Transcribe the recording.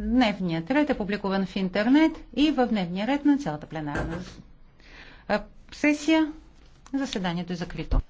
Дневният ред е публикуван в интернет и в дневния ред на цялата пленарна сесия. Заседанието е закрито.